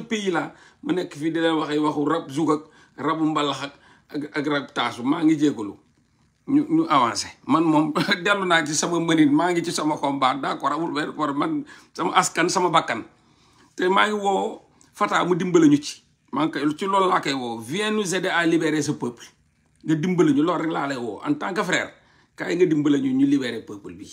pays là ma nekk fii di leen wax ay waxu rab zug ak rabu mbalax ak ak rab taasu maa ngi jégalu ñu ñu avancé man moom dellu naa ci sama mënit maa ngi ci sama combat d'accord amul benn problème man sama askan sama bakkan te maa ngi woo Fata mu dimbala ñu ci maa ngi ci loolu laa koy woo viens nous aider à libérer ce peuple nga dimbale ñu loolu rek laa lay woo en tant que frère kaay nga dimbale ñu ñu libere peuple bi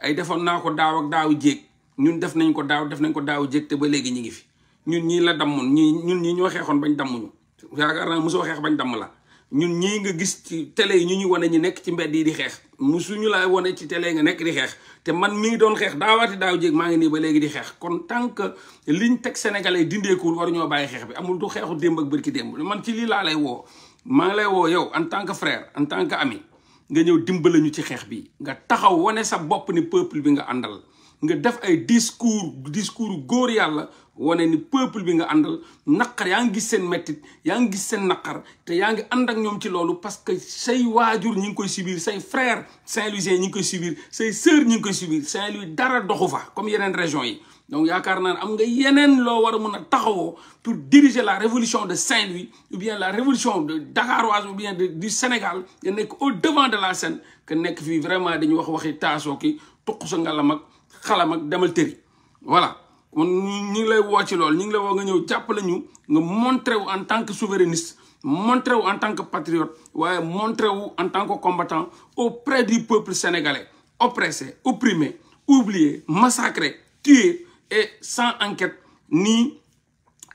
ay defoon naa ko daaw daaw jéeg ñun def nañ ko daaw def nañ ko daaw jéeg ba léegi ñu ngi fi ñun ñii la dammoon ñii ñun ñii ñoo xeexoon bañ dammuñu yaakaar naa mosoo xeex bañ damm la ñun ñii nga gis ci télé yi ñu ñu wane ñu nekk ci mbedd yi di xeex musuñu laa wane ci télé nga nekk di xeex te man mi ngi doon xeex daawaati daaw jéeg maa ngi nii ba léegi di xeex kon tant que liñ teg sénégalais dindeekul war ñoo bàyyi xeex bi amul du xeexu démb ak bërki démb man ci lii laa lay woo maa lay woo yow en tant que frère en tant que ami nga ñëw dimbale ñu ci xeex bi nga taxaw wane sa bopp ni peuple bi nga àndal nga def ay discours discours góor yàlla wane ni peuple bi nga àndal naqar yaa ngi gis seen mettit yaa ngi gis seen naqar te yaa ngi ànd ak ñoom ci loolu parce que say waajur ñi ngi koy subir say frère Saint-Louisien ñi ngi koy subir say sœur ñi ngi koy subir Saint-Louis dara doxu fa comme yeneen région yi donc yaakaar naa ne am nga yeneen loo war a mën a taxawoo pour diriger la révolution de Saint-Louis ou bien la révolution de dakaroise ou bien du Sénégal nga nekk au devant de la scène que nekk fii vraiment dañu wax waxi taasoo ki tuq sa ngalam ak xalam ak demal tëri voilà kon ñi ngi lay woo ci loolu ñu ngi lay woo nga ñëw jàppale ñu nga montré wu en tant que souverainiste montré wu en tant que patriote waaye montré wu en tant que combattant auprès du peuple sénégalais oppressé opprimé oublié massacré tué et sans enquête ni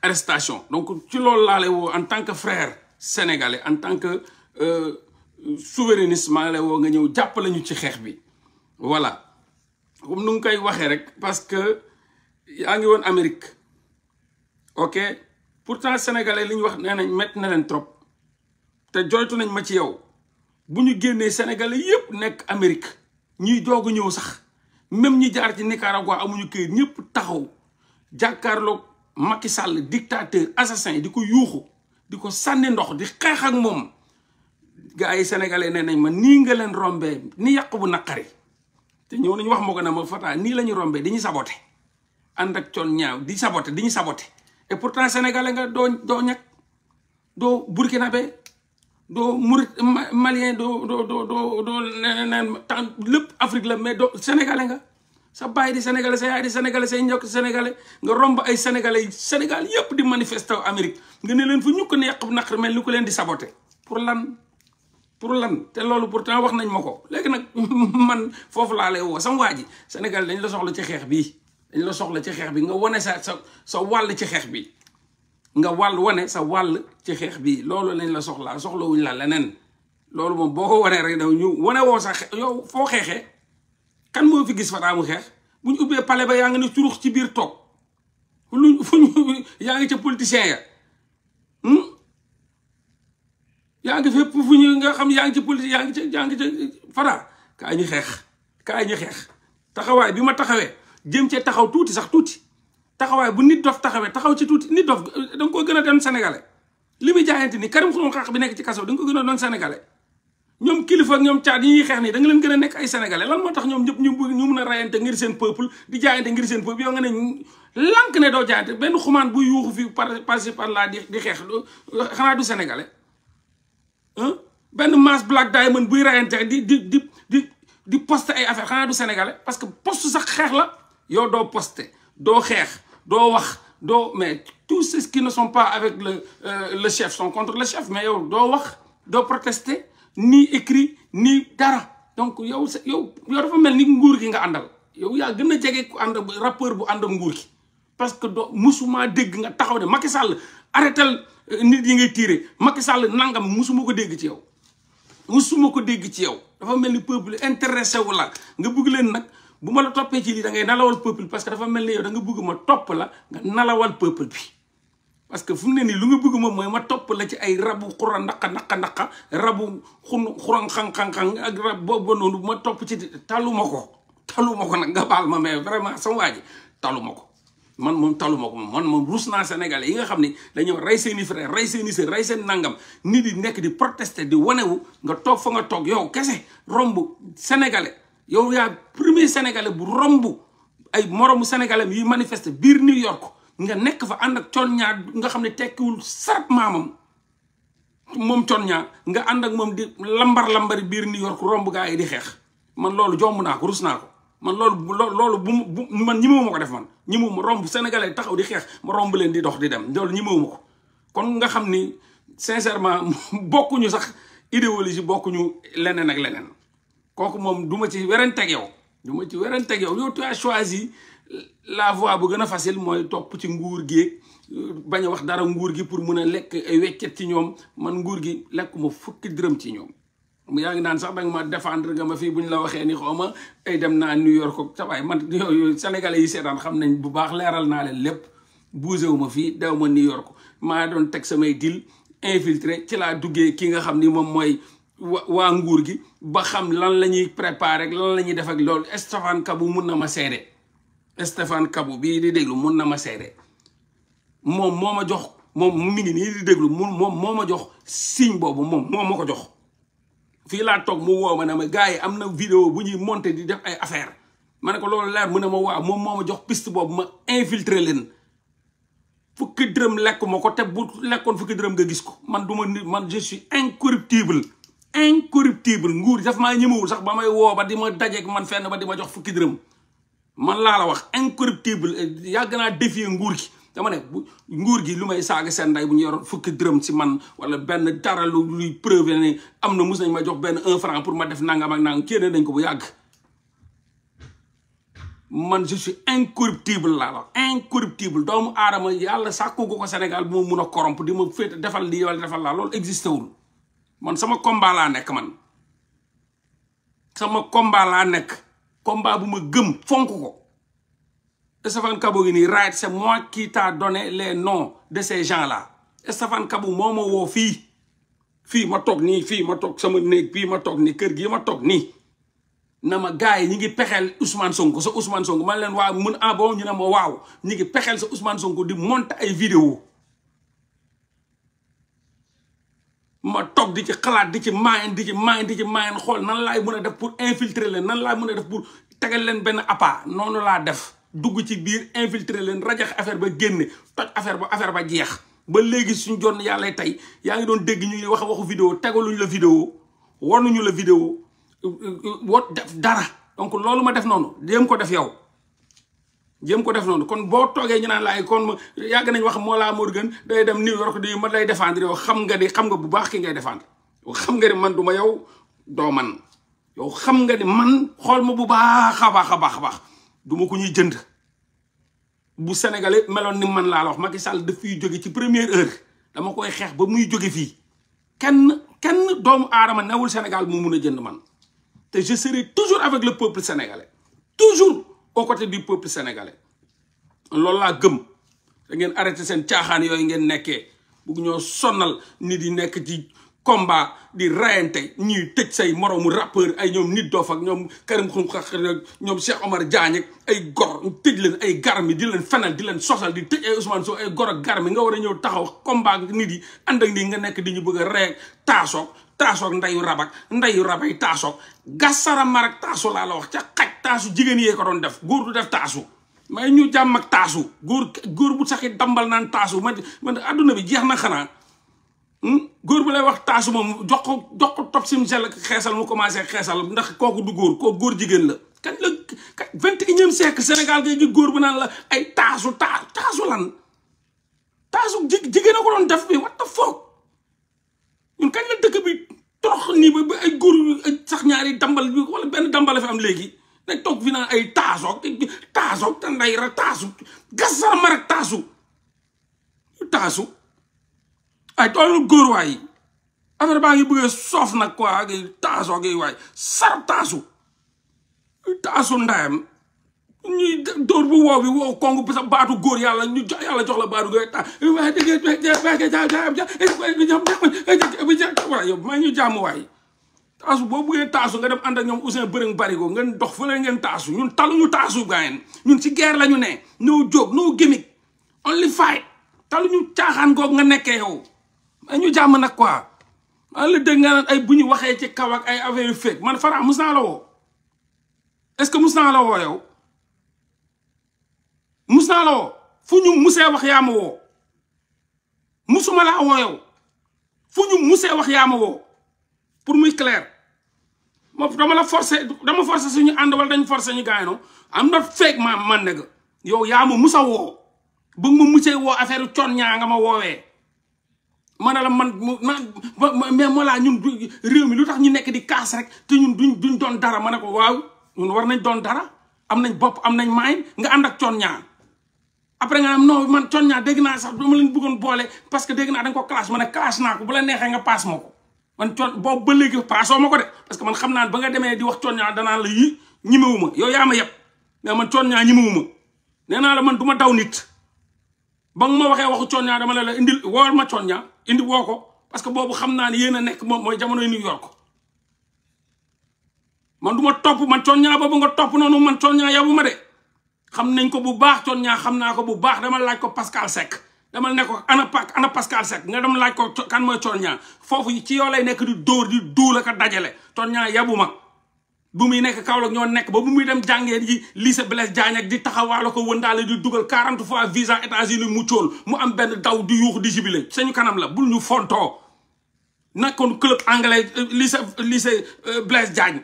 arrestation donc ci loolu laale woo en tant que frère sénégalais en tant que euh, souverainiste maa ngi lay woo nga ñëw jàppale lañu ci xeex bi voilà comme nu ngi waxee rek yaa ngi woon Amérique ok pourtant sénégalais li wax nee nañ métti na leen trop te joytu nañ ma ci yow bu ñu génnee sénégalais yépp nekk Amérique ñuy doog ñëw sax même ñi jaar ci Nicaragua amuñu këyit ñëpp taxaw jàkkaarloog Macky sàll dictateur assassin di ko yuuxu di ko sànni ndox di xeex ak moom gars ay sénégalais nee nañ ma nii nga leen rombee ni yàq bu naqari te ñëw nañ wax ma ko ne ma Fata nii la ñu rombee dañuy sabote ànd ak coon ñaaw di saboté di ñu saboté et pourtant sénégalais nga doo doo ñag doo burkinabé doo murit malien doo doo doo doo doo neneen lépp Afrique la mais doo sénégalais nga sa baay di sénégalais sa yaay di sénégalais say njokk sénégalais nga romb ay sénégalais Sénégal yépp di manifester Amérique nga ne leen fu ñukk ko ne yàqu mel ni ku leen di saboté pour lan pour lan te loolu pourtant wax nañ ma ko léegi nag man foofu laa lay woo sama waa ji Sénégal dañ la soxla ci xeex bii dañ la soxla ci xeex bi nga wane sa sa sa wàll ci xeex bi nga wàll wane sa wàll ci xeex bi loolu lañ la soxlaa soxlawuñ la leneen loolu moom boo ko wanee rek daw ñu wane woo sa yow foo xeexee kan moo fi gis Fataa mu xeex bu ñu ubbee pale ba yaa ngi ne curux ci biir toog lu fu ñu yaa ngi ci politicien ya hmm? yaa ngi fépp nga xam yaa ngi ci politique yaa ngi ca yaa ca Fataa kaa ñu xeex kaa ñu xeex taxawaay bi ma taxawee jëm cee taxaw tuuti sax tuuti taxawaay bu nit dof taxawee taxaw ci tuuti nit dof da nga gën a doon sénégalais li muy jaayante ni Karim Xrum Xax bi nekk ci kaso da nga ko a doon sénégalais ñoom kilifa ak ñuy xeex da nga leen gën a nekk ay sénégalais lan moo tax ñoom ñëpp ñu ñu rayante ngir seen peuple di jaayante ngir seen doo jaayante benn xumaan bu yuuxu fi par passé par là di di xeex xanaa du sénégalais benn mass black diamond buy rayante di di di di di poste ay affaire xanaa du sénégalais parce que poste sax xeex la yow doo poste doo xeex doo wax doo mais tous ceux qui ne sont pas avec le euh, le chef sont contre le chef mais yow doo wax doo protester ni écrit ni dara donc yow sa yow yow dafa mel ni nguur gi nga àndal yow yaa gën a jege ku ànd rappeur bu àndal nguur gi parce que doo musuma dégg nga taxaw ne Macky Sall arrêtal euh, nit yi ngay tiire Macky Sall nangam musuma ko dégg ci yow musuma ko dégg ci yow dafa mel ni peuple intéressé wu la nga bugg leen nag bu ma la toppee ci lii da ngay nalawal peuple parce que dafa mel ni yow da nga bëgg ma topp la nga nalawal peuple bi parce que fu mu ne nii lu nga bëgg moom mooy ma topp la ci ay rabu xura ndaqa ndaqa ndaqa rabu xun xuran xan-xan-xan ak rab boobu noonu bu ma topp ci taluma ko taluma ko nag nga baal ma mais vraiment sama waa ji taluma ko man moom taluma ko man moom ruus naa yi nga xam ni dañoo rey seen i frère rey seen seen nangam nit di nekk di protester di wanewu nga toog fa nga toog yow kese romb sénégalais yow yaa premier sénégalais bu romb ay moromu sénégalais yuy manifester biir New York nga nekk fa ànd ak Thione Niang nga xam ne tekkiwul sarap maamam moom Thione Niang nga ànd ak moom di lambar lambari biir New York romb gaa yi di xeex man loolu jomb naa ko rus naa ko man loolu loolu bu bu man ñimewu ma ko def man ñimewu ma romb sénégalais taxaw di xeex ma romb leen di dox di dem loolu ñimewu ma ko kon nga xam ni sincèrement bokkuñu sax idéologie bokkuñu leneen ak leneen. kooku moom du ma ci werenteeg yow du ma ci werenteeg yow yow tu as choisi la voie bu gën a facile mooy topp ci nguur gi bañ a wax dara nguur gi pour mun a lekk ay weccet ci ñoom man nguur gi lekk ma fukki dërëm ci ñoom. yaa ngi naan sax danga ma défendre nga ma fii bu ñu la waxee ni xaw ma ay dem naa New York ak tabaay man yooyu sénégalais yi seetaan xam nañ bu baax leeral naa leen lépp bougé wu fii daw ma New York maa doon teg samay dil infiltré ci laa duggee ki nga xam ni moom mooy. waa nguur gi ba xam lan la ñuy préparer lan la ñuy def ak loolu Stéphane Kabou mun na ma seede Stéphane Kabou bii di déglu mun na ma seede moom moo ma jox moom mu ngi nii di déglu mu moom moo ma jox signe boobu moom moo ma ko jox. fii laa toog mu woo ma ne ma gars yi am na vidéo bu ñuy monter di def ay affaire ma ne ko loolu leer mu ne ma waaw moom moo jox piste boobu ma infiltrer leen. fukki dërëm lekk ma ko te bu lekkoon fukki dërëm nga gis ko man du ma man je suis incorruptible. incorruptible nguur daf maa ñëmewul sax ba may woo ba di ma dajeeg man fenn ba di ma jox fukki dërëm man laa la wax incorruptible yàgg naa défier nguur gi dama ne nguur gi lu may saaga seen ndey bu ñu yoroon fukki dërëm si man wala benn dara lu luy preuve ne am na mus nañ ma jox benn un franc pour ma def nangam ak nangam kéene nañ ko bu yàgg man je suis incorruptible laa la incorruptible doomu aadama yàlla sàkku ko ko Sénégal bu ma mun a corrompre di ma féet defal lii wala defal laa loolu existé wul man sama combat nekk man sama combat nekk combat bu ma gëm fonk ko Stéphane Kabou ngi nii right c'est moi qui t'a donné les noms de ces gens-là Stéphane Kabou moo ma woo fii fii ma toog nii fii ma toog sama néeg bii ma toog nii kër gii ma toog nii na ma gars yi ñi ngi pexeel Ousmane Sonko sa Ousmane Sonko man leen waaw mën ah bon ñu ne ma waaw ñi ngi pexeel sa Ousmane Sonko di monter ay vidéo ma toog di ci xalaat di ci maayen di ci maayen di ci maayen xool nan laay mën a def pour infiltrer leen nan laay mun a def pour tegal leen benn appât noonu laa def dugg ci biir infiltrer leen rajax affaire ba génne toj affaire ba affaire ba jeex ba léegi suñu jonn yàlla tey yaa ngi doon dégg ñuy wax waxu vidéo tegaluñu la vidéo wanuñu la vidéo wot def dara donc loolu ma def noonu dem ko def yow jëm ko def noonu kon boo toogee ñu naan laay kon yàgg nañ wax Mollah Morgun day dem New York di ma lay défendre yow xam nga ni xam nga bu baax ki ngay défendre xam nga ni man duma ma doo man yow xam nga ni man xool ma bu baax a baax a baax a baax du ko ñuy jënd bu sénégalais meloon ni man laa la wax Macky Sall daf fiy jóge ci première heure dama koy xeex ba muy jóge fii kenn kenn doomu aadama newul Sénégal moom mun a jënd man te je serai toujours avec le peuple sénégalais aux côtés du peuple sénégalais loolu laa gëm da ngeen arrêté seen caaxaan yooyu ngeen nekkee bugg ñoo sonnal nit yi nekk ci combat di rayante ñuy tëj say moroomu rappeur ay ñoom nit doo ak ñoom Karim Xrum ñoom Cheikh Omar Diagne ak ay gor ñu tëj leen ay garmi di leen fenal di leen sosal di tëj ay Ousmane Sow ay gor ak garmi nga war a ñëw taxaw combat nit yi ànd ak nii nga nekk di ñu bëgg a rey taasoog taasoog ndeyu rabak ndeyu rabay taasoog gasara marak taasu laa la wax ca xaj taasu jigéen yee ko doon def góor du def taasu ñu jàmm ak taasu góor bu saxi dambal naan taasu man man adduna bi jeex na xanaa hmm? bu lay wax taasu moom jox ko jox ko topp xeesal mu commencé xeesal ndax kooku du góor kooku jigéen la kañ la vingt et góor bu naan la ay taasu taasu lan taasu jigéen a ko doon def bi ñun kañ la dëkk bi torox nii ba ay góor ay sax ñaari dambal bi wala benn dambal fi am léegi dañ toog fi naan ay taasoog taasoog te nday ra taasu gas sara ma rek taasu taasu ay toolu góor waay affaire baa ngi bëggee soof nag quoi taasoog yi waay sar taasu taasu ndayam ñuy dóor bu wow bi wow kong sa baatu góor yàlla ñu jox la jox la baatu góor ta waaye dëgg yow maa ñu jàmm waay taasu boo buggee taasu nga dem ànd ak ñoom a Bërëng Barigo ngeen dox fële ngeen taasu ñun taluñu taasu gaayen ñun si guerre la ñu ne no joke no gimmick only fight taluñu caaxaan goog nga nekkee yow maa ñu jàmm nag quoi maa la dégg nga naan ay bu ñu waxee ci kaw ak ay affaire yu fekk man Fara mus naa la woo est-ce que mus naa yow mus naa la woo fu ñu musee wax yaa ma woo musuma laa woo yow fu ñu musee ma pour muy clair dama la forcer dama forcer suñu ànd wala dañ forcer ñu gars am na feeg ma man ne yow yaa ma musa woo bu ma musee woo affaire coon ñaa nga ma woowee ma ne la man ma mais moo laa ñun réew mi lu tax ñu nekk di kaas rek te ñun duñ duñ doon dara ma ne ko waaw ñun war nañ doon dara am nañ bopp am nañ maay nga ànd ak coon ñaa après nga am man coon ñaa dégg naa sax dama leen bëggoon boole parce que dégg naa da nga ko clash ma ne clash naa ko bu la neexee nga paas ma ko man coon boobu ba léegi paasoo ma ko de parce naa ba nga demee di wax coon ñaa danaa la yi ñimewuma yow yaa ma yeb mais nee naa la man du ma daw nit ba nga ma waxee waxu coon ñaa dama la la indil wool ma coon ñaa indi woo ko parce que boobu xam naa ne yéen a nekk moom mooy jamonoy New York man du ma topp man coon ñaa boobu nga topp noonu man coon ñaa yabu ma de xam nañ ko bu baax coon ñaa xam naa ko bu baax dama laaj ko Pascal Seck dama ne ko ana pa ana Pascal Seck nga dem laaj ko kan mooy coon ñaa foofu ci yoo lay nekk di dóor di duul ak a dajale coon ñaa yabu ma bu muy nekk Kaolack ñoo nekk ba bu muy dem jàngeen ji lycée Blaise Diagne ak di taxawaalo ko wëndaale di dugal 40 fois visa États-Unis mu cóol mu am benn daw di yuux di jibile sañu kanam la bul ñu fontoo nekkoon club anglais euh, lycée lycée euh, Blaise Diagne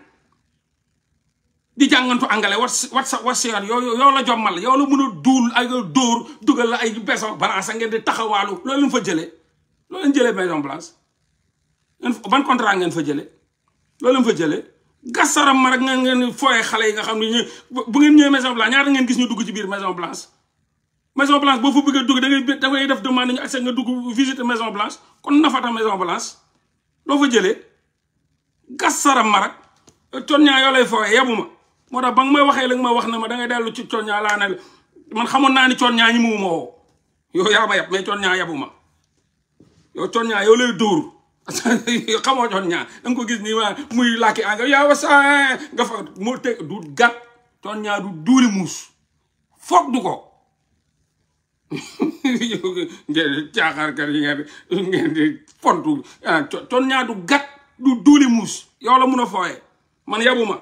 di jàngantu angale wat wat sa wat yoon yoo yoo la jommal yow la mën a duul ay dóor dugal la ay beso balance ngeen di taxawaalu loolu fa jëlee loolu leen jëlee Maison Blanche ban contrat ngeen fa jëlee loolu leen fa jëlee gas saram ma rek nga ngeen fooye xale yi nga xam ne ñu bu ngeen ñëwee Maison Blanche ñaata ngeen gis ñu dugg ci biir Maison Blanche Maison Blanche boo fa bëggee dugg da ngay da ngay def demande ñu accès nga dugg visiter Maison loo fa jëlee gas saram ma ton ñaa yoo lay fooye yabuma moo tax ba nga may waxee la nga ma wax ne ma dangay dellu ci coon ñaa laa ne man xamoon naa ni coon ñaa ñi mu ma woo yow yaa ma yab mais coon ñaa yabu ma yow coon ñaa yow ko gis nii ma muy làkki anga yaa teg du gàtt coon ñaa du duuri muus foog du ko ngeen di caaxaarkat yi ngeen di ngeen di fontu ah, mun a fooye man yabu ma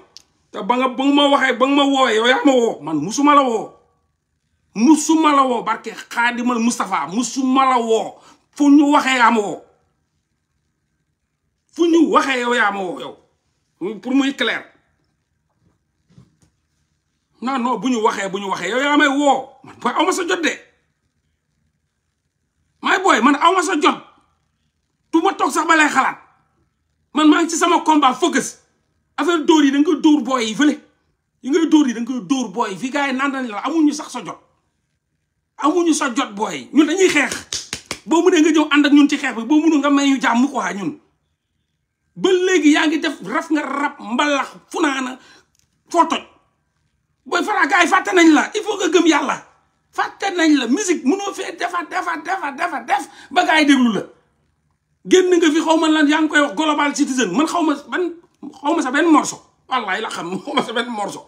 te ba nga ba ma waxee ba nga ma wooy yow yaa woo man musuma la woo musuma woo barke xaadimal Moustapha musuma la woo fu ñu waxee yaa ma woo fu ñu waxee yow yaa ma woo yow pour muy clair non bu ñu waxee bu ñu waxee yow yaa woo man booy aw ma sa jot de may booy man aw ma sa jot tu ma toog sax ba lay xalaat man maa ci sama combat focus affaire door yi da nga dóor booy yi fële yi yi da nga koy dóor booy yi fii naan nañ la amuñu sax sa jot amuñu sa jot booy yi ñun dañuy xeex boo mënee nga ñëw ànd ak ñun ci xeex bi boo mënul nga may ñu jàmm quoi ñun ba léegi yaa ngi def raf nga rab mbalax funaana foo toj booy Fara gars yi fàtte nañ la il faut nga gëm yàlla fàtte nañ la musique mënoo fee defa defa defa defa def ba gars yi déglu la génn nga fi xaw ma lan yaa ngi koy wax global citizen man xaw ma ban xaw ma sa benn morceau wallaay la xam xaw ma sa benn morceau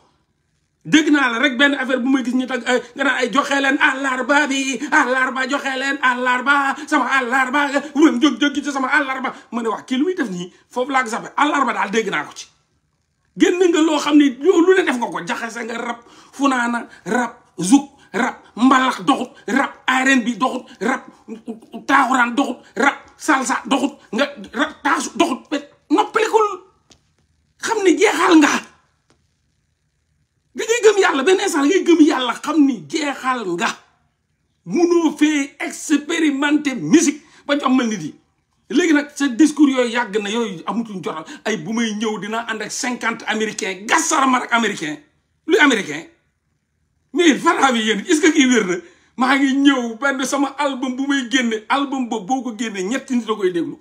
dégg naa la rek benn affaire bu may gis ñu tag nga naan ay joxe leen àllarba bi àllarba joxe leen àllarba sama àllarba wala jóg jóg ci sama àllarba ma ne wa kii lu muy def nii foofu laa ko sape àllarba daal dégg naa ko ci. génn nga loo xam ni lu ne def nga ko jaxase nga rab funaana rab zuk rab mbalax doxut rab arène bi doxut rab taaxuraan doxut rab salsa doxut nga rab taasu doxut noppalekul. xam ni jeexal nga bi ngay gëm yàlla benn sax ngay gëm yàlla xam ni jeexal nga munoo fee expérimenter musique ba jommal nit yi léegi nag sa discours yooyu yàgg na yooyu amutuñ jotal ay bu may ñëw dinaa ànd ak cinquante américain gasarama ak américain luy américain mais faraam yi yéen est-ce que kii wér na maa ngi ñëw benn sama album bu may génne boo ko génne ñetti nit koy déglu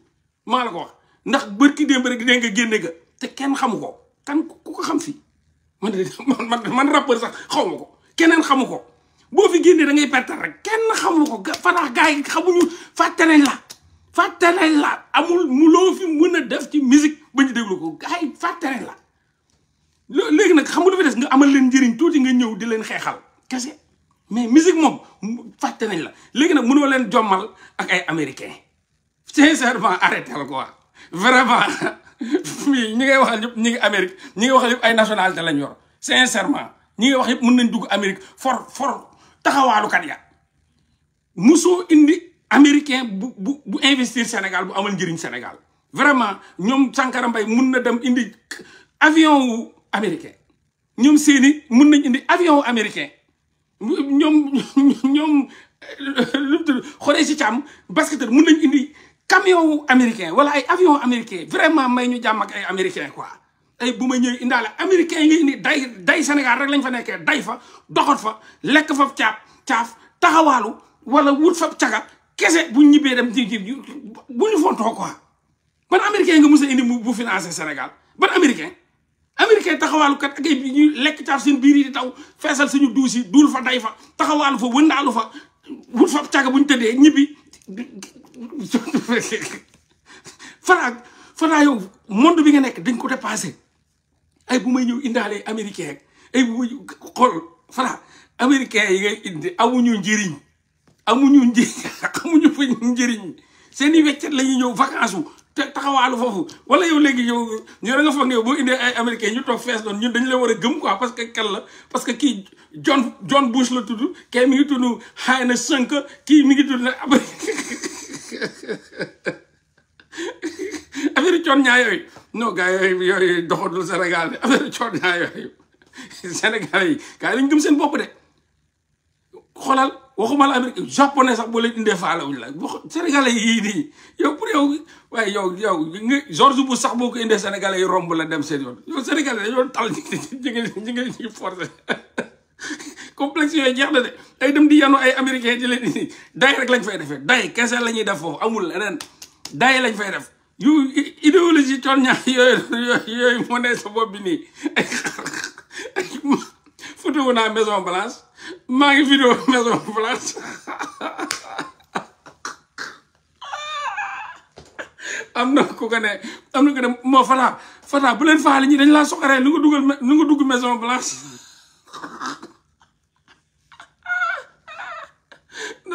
maa la ko wax ndax bërki démb rek dégg nga génne ga te kenn xamu ko kan ku ko xam fii man man man rappeur sax xaw ma ko keneen xamu ko boo fi génnee da ngay perte rek kenn xamu ko fatax gars yi xamuñu fàtte nañ la fàtte nañ la amul muloo fi mën a def ci musique ba ñu déglu ko gars yi fàtte léegi nag xam nga fi des nga amal leen njëriñ tuuti nga ñëw di leen xeexal kese mais musique moom fàtte nañ la léegi nag mënoo leen jommal ak ay américain sincèrement arrêté la quoi vraiment fii ñi ngay waxal yëpp ñi ngi Amérique ñi ngay waxal yëpp ay nationalité lañ yor sincèrement ñi ngay wax yëpp mën nañ dugg Amérique for for taxawaalukat ya musoo indi américain bu bu bu investir Sénégal bu amal njëriñ Sénégal vraiment ñoom Sankara Mbaye mun na dem indi avion wu américain ñoom seeni mun nañ indi avion wu américain ñoom ñoom xoree si càmm basketteur mun nañ indi camion wu américain wala ay avion américain vraiment may ñu jàmm ak ay américain quoi ay bu ma ñëwee indaale américain yi ni day day Sénégal rek lañ fa nekkee day fa doxat fa lekk fa caaf caaf taxawaalu wala wut fa caga kese bu ñibbee dem ji bu ñu fontoo quoi ban américain nga mus a indi bu financé Sénégal ban américain américain taxawaalu kat ak ay ñuy lekk caaf seen biir yi di taw feesal suñu duus yi duul fa day fa taxawaalu fa wëndaalu fa bu fa caga bu ñu tëddee ñibbi Fara Fara yow monde bi nga nekk dañ ko dépassé ay bu may ñëw indaale américain rek ay bu may xool Fara américain yi ngay indi amuñu njëriñ amuñu njëriñ amuñu fa njëriñ seen i weccet la ñuy ñëw vacance wu te taxawaalu foofu wala yow léegi yow ñoo da nga foog ne boo indee ay américain ñu toog fees doon ñun dañu la war a gëm quoi parce que kan la parce que kii John John Bush la tudd kii mi ngi tudd xaay na sënk kii mi ngi tudd na affaire coon ñaa yooyu non gars yooyu yooyu doxatul Sénégal de affaire coon ñaa yooyu Sénégal yi gars yi dañu seen bopp de xoolal waxuma la Amérique japonais sax boo leen indee faalawuñ la wax sénégalais nii yow pour yow waaye yow yow sax boo indee sénégalais yi romb la dem seen yoon yow sénégalais dañoo tal ñi ngi ñi ngi complexe yooyu jeex na de ay dem di yanu ay américain di leen day rek lañ fay defee day kese lañuy ñuy def foofu amul leneen day lañ fay def yu idéologie coon ñaar yooyu yooyu moo ne sa bopp bi nii fotowu naa Maison Blanche maa ngi vidéo Maison Blanche na ku na ko ne moo Fata Fata bu leen faale ñi dañ laa soxaree nu nga dugal nu nga dugg Maison Blanche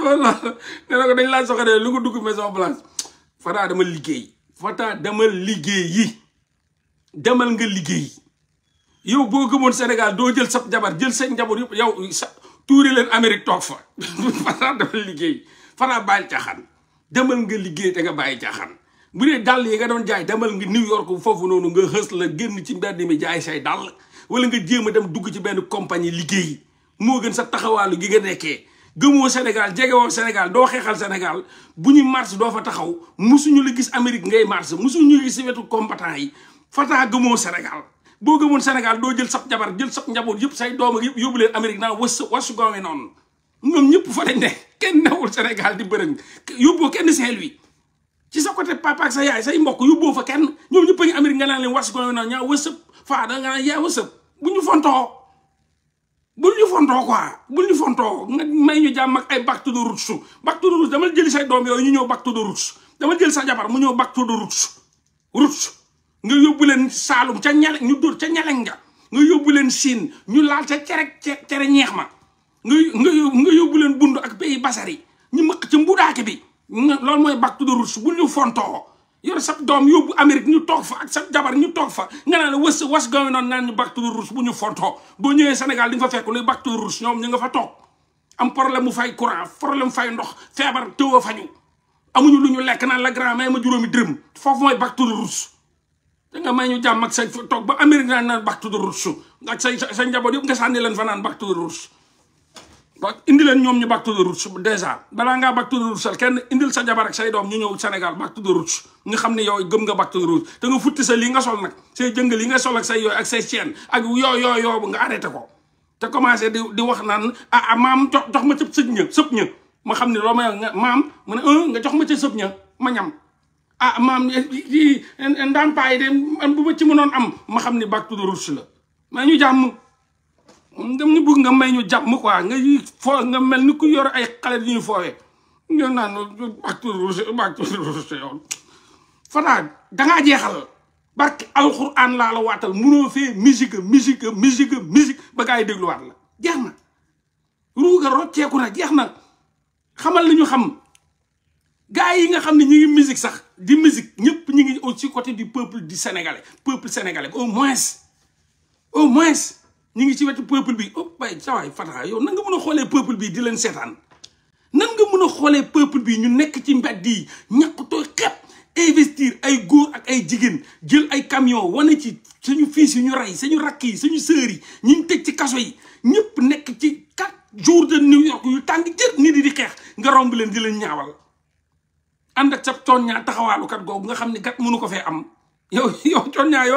defoon naa na ko dañ laa soxoree lu ko dugg maison blanche Fata dama liggéey Fata dama liggéeyi demal nga liggéey yow boo gëmoon Sénégal doo jël sa jabar jël seen njaboot yëpp yow sa tuuri leen Amérique toog fa Fata dama liggéey Fata bàyyi caaxaan demal nga liggéey te nga bàyyi caaxaan bu dee dàll yi nga doon jaay demal ngi New York foofu noonu nga xës la génn ci mbedd mi jaay say dàll wala nga jéem a dem dugg ci benn compagnie liggéey moo gën sa taxawaalu gi nga nekkee gëmoo Sénégal jegewoo Sénégal doo xeexal Sénégal bu ñu mars doo fa taxaw musuñu la gis Amérique ngay mars musuñu gis si wetu combattant yi Fatah gëmoo Sénégal boo gëmoon Sénégal doo jël sab jabar jël sab njaboot yëpp say doomal yëpp yóbbu leen Amérique naan was wasu goome noonu ñoom ñëpp fa lañ kenn newul Sénégal di bërëng yóbboo kenn seel wi ci sa côté papa ak sa yaay say mbokk yóbboo fa kenn ñoom ñëpp a ngi Amérique nga naan leen wasu goome noonu ñaa wësëb faa da nga naan yaa wësëb bu ñu fontoo bul ñu fontoo quoi bul ñu fontoo nga may ñu jàmm ak ay back to the roots back to dama jëli say doom yooyu ñu ñëw back to the roots dama jël sa jabar mu ñëw back to the roots nga yóbbu leen saalum ca ñale ñu dóor ca ñaleñ nga nga yóbbu leen siin ñu laal ca cere cere ñeex ma nga nga nga yóbbu leen bund ak pays basari ñu mëq ci mbudaake bi loolu mooy back to the roots bul ñu fontoo yor sab doom yóbbu Amérique ñu toog fa ak sab jabar ñu toog fa nga naan was was going on naan ñu back to the roots bu ñu fontoo boo ñëwee Sénégal di nga fa fekk luy back to the roots ñoom ñu nga fa toog am problème mu fay courant problème fay ndox feebar tëw a fañu amuñu lu ñu lekk naan la grand may ma juróomi dërëm foofu mooy back to the roots danga may ñu jàmm ak toog ba Amérique naan naan back to the njaboot yëpp nga sànni leen fa naan back ba indi leen ñoom ñu back to the roots dèjà balaa kenn indil sa jabar ak say doom ñu ñëw Sénégal back to xam ne yow gëm nga back to the roots te nga futti sa lii nga sol nag say jëngal yi nga sol ak say yooyu ak say yoo yoo yoo bu nga arrêté ko te commencé di di wax naan ah ah maam jox jox ma ca sëb ña sëb ma xam ne loo may maam mu ne nga jox ma ca sëb ña ma ñam ah maam eh, i ndàmpaay de bu ma ci mënoon am ma xam ne back to la mais ñu jàmm dem ñu bëgg nga may ñu jàpp mu quoi nga fo nga mel ni ku yor ay xale yu ñuy foowee ñu naa baatu ruuse baatu ruuse yoon Fada dangaa jeexal barke alxuraan laa la waatal munoo fee musique musique musique musique ba gaa yi dégluwaat la jeex na ruuga rocceeku na jeex na xamal li ñu xam gaa yi nga xam ne ñu ngi musique sax di musique ñëpp ñu ngi aussi côté du peuple di sénégalais peuple sénégalais au moins au moins ñu ngi ci wetu peuple bi oh bay sawaay Fata yow nan nga mën a xoolee peuple bi di leen seetaan nan nga mën a xoolee peuple bi ñu nekk ci mbedd yi ñàkkutoo xepp investir ay góor ak ay jigéen jël ay camion wane ci suñu fils yi ñu rey suñu rakk yi suñu sœur yi ñu ñu tëj ci kaso yi ñëpp nekk ci quatre jours de New York yu tàng jër nit yi di xeex nga romb leen di leen ñaawal ànd ak sa coon ñaa taxawaalukat googu nga xam ne gat mënu ko fee am yow yow coon ñaa